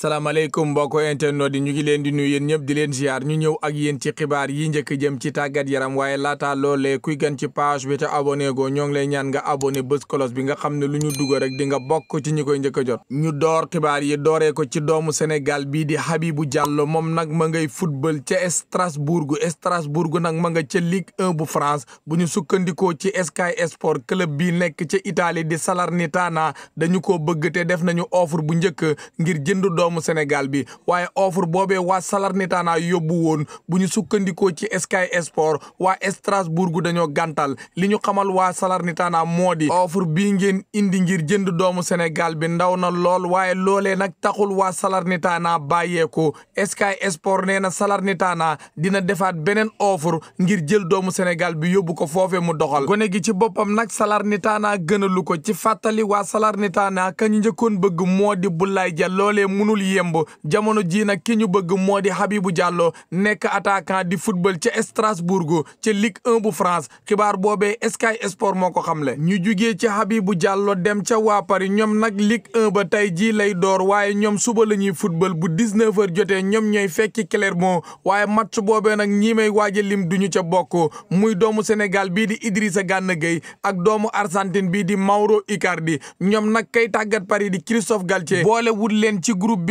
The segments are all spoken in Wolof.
salaamaaleykum mbokk internet yi ñu ngi leen di nuyu yéen ñëpp di leen ziar ñu ñëw ak yéen ci xibaar yi njëkk jëm ci tàggat yaram waaye laata loolee kuy gan ci page bi ca abonné go ñoo ngi lay ñaan nga abonné bés kolos bi nga xam ne lu ñu dugg rek di nga bokk ci ñu koy njëkk jot ñu door xibaar yi dooree ko ci doomu Sénégal bii di Habibou Diallo moom nag ma ngay football ca Strasbourg Strasbourg nag ma nga ca Ligue 1 bu France bu ñu sukkandikoo ci Sky Sport club bi nekk ca Italie di Salernitana dañu ko bëgg te def nañu offre bu njëkk ngir jënd doom doomu Sénégal bi waaye offre boobee waa Salernitana yóbbu woon bu ñu sukkandikoo ci Sky Sport waa Strasbourg dañoo gàntal li ñu xamal waa Salernitana moo di offre bii ngeen indi ngir jënd doomu Sénégal bi ndaw na lool waaye loole nag taxul waa Salernitana bàyyeeko Sky Sport nee na Salernitana dina defaat beneen offre ngir jël doomu Sénégal bi yóbbu ko foofee mu doxal gone gi ci boppam nag Salernitana gënalu ko ci fàttali waa Salernitana kañu njëkkoon bëgg moo dul yemb jamono ji nag ki ñu bëgg moo di Habibou Diallo nekk attaquant di football ca Strasbourg ca Ligue 1 bu France xibaar boobee Sky Sport moo ko xamle. ñu jugee ci Habibou jàlloo dem ca waa Paris ñoom nag Ligue 1 ba tey jii lay door waaye ñoom suba la ñuy football bu 19h jotee ñoom ñooy fekki Clermont waaye match boobee nag ñi may waaja lim duñu ca bokk muy doomu Sénégal bi di Idrissa Gana Gueye ak doomu Argentine bii di Mauro Icardi ñoom nag kay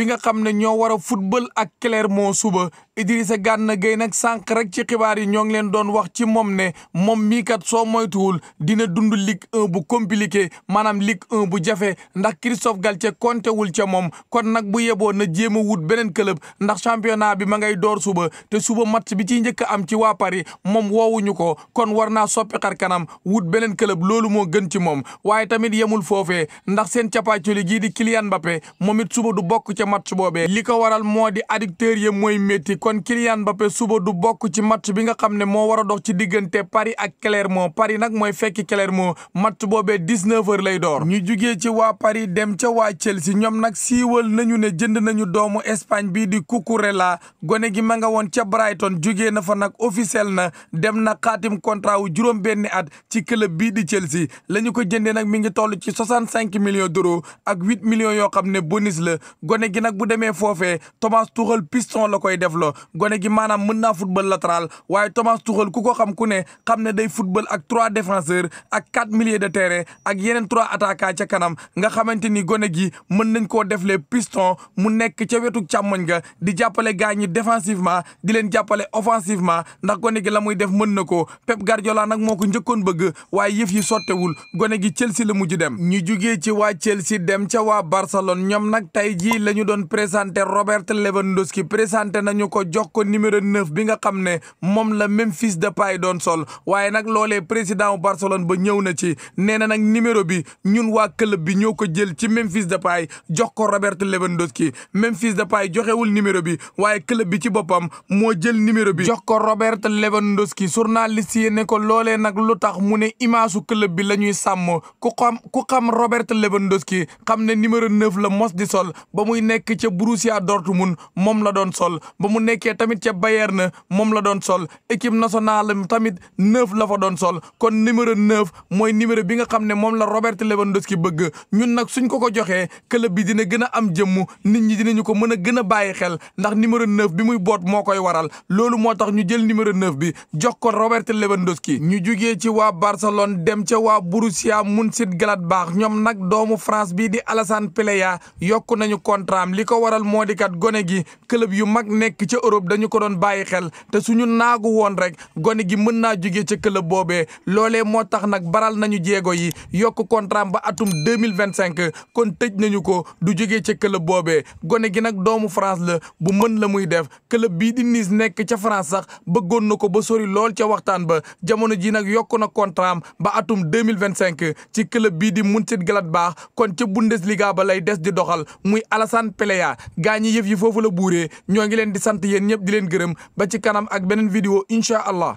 bi nga xam ne ñoo war a football ak moo suba Idrissa Gana Gueye nag sànq rek ci xibaar yi ñoo ngi leen doon wax ci moom ne moom mii kat soo moytuwul dina dund Ligue 1 bu compliqué maanaam Ligue 1 bu jafe ndax Christophe Galtier compté wul ca moom kon nag bu yeboo na jéem a wut beneen club ndax championnat bi ma ngay door suba te suba mat bi ci njëkk am ci waa Paris moom woowuñu ko kon war naa soppi xar kanam wut beneen club loolu moo gën ci moom waaye tamit yemul foofee ndax seen capacoli gii di Kylian match boobee li ko waral moo di addicteur yi mooy métti kon Kylian Mbappé suba du bokk ci match bi nga xam ne moo war a dox ci diggante Paris ak Clermont Paris nag mooy fekki Clermont match boobee 19h lay door ñu jugee ci waa Paris dem ca waa Chelsea ñoom nag siiwal nañu ne jënd nañu doomu Espagne bii di Cucurella gone gi ma nga woon ca Brighton jugee na fa nag officiel na dem na xaatim contrat wu juróom benni at ci club bii di Chelsea la ñu ko jëndee nag mi ngi toll ci 65 millions d'euros ak 8 millions yoo xam ne bonus la gi nag bu demee foofee Thomas Tuchel piston la koy def loo gone gi maanaam mën naa football latéral waaye Thomas Tuchel ku ko xam ku ne xam ne day football ak trois défenseurs ak quatre milieux de terrain ak yeneen trois attaquants ca kanam nga xamante ni gone gi mën nañ koo def les piston mu nekk ca wetu càmmoñ ga di jàppale gars ñi défensivement di leen jàppale offensivement ndax gone gi la muy def mën na ko Pep Guardiola nag moo ko njëkkoon bëgg waaye yëf yi sottewul gone gi Chelsea la mujj dem ñu jugee ci waa Chelsea dem ca waa Barcelone ñu doon présenté Robert Lewandowski présenté nañu ko jox ko numéro neuf bi nga xam ne moom la Memphis Depay doon sol waaye nag loolee président Barcelone ba ñëw na ci nee na nag numéro bi ñun waa club bi ñëw ko jël ci Memphis Depay jox ko Robert Lewandowski Memphis Depay joxewul numéro bi waaye club bi ci boppam moo jël numéro bi jox ko Robert Lewandowski journaliste yi ne ko loolee nag lu tax mu ne image su bi la ñuy sàmm ku xam ku xam Robert Lewandowski xam ne numéro la mos di sol nekk ca moom la doon sol ba mu nekkee tamit ca Bayern moom la doon sol équipe nationale tamit neuf la fa doon sol kon numéro neuf mooy numéro bi nga xam ne moom la Robert Lewandowski bëgg ñun nag suñ ko ko joxee club bi dina gën am jëmm nit ñi dinañu ko mën a gën a bàyyi xel ndax numéro neuf bi muy boot moo koy waral loolu moo tax ñu jël numéro neuf bi jox ko Robert Lewandowski ñu jugee ci waa Barcelone dem ca waa Borussia Mönchengladbach ñoom nag doomu France bi di Alassane Pléa yokku nañu contrat programme li ko waral moo di kat gone gi club yu mag nekk ca Europe dañu ko doon bàyyi xel te suñu naagu woon rek gone gi mën naa jóge ca club boobee loolee moo tax nag baral nañu jéego yi yokk contrat ba atum deux mille vingt cinq kon tëj nañu ko du jóge ca club boobee gone gi nag doomu France la bu mën la muy def club bii di Nice nekk ca France sax bëggoon na ko ba sori lool ca waxtaan ba jamono ji nag yokk na contrat ba atum deux mille vingt cinq ci club bii di baax kon ca Bundesliga ba lay des di doxal naan Péléya ñi yëf yi foofu la buuree ñoo ngi leen di sant yéen ñëpp di leen gërëm ba ci kanam ak beneen vidéo incha allah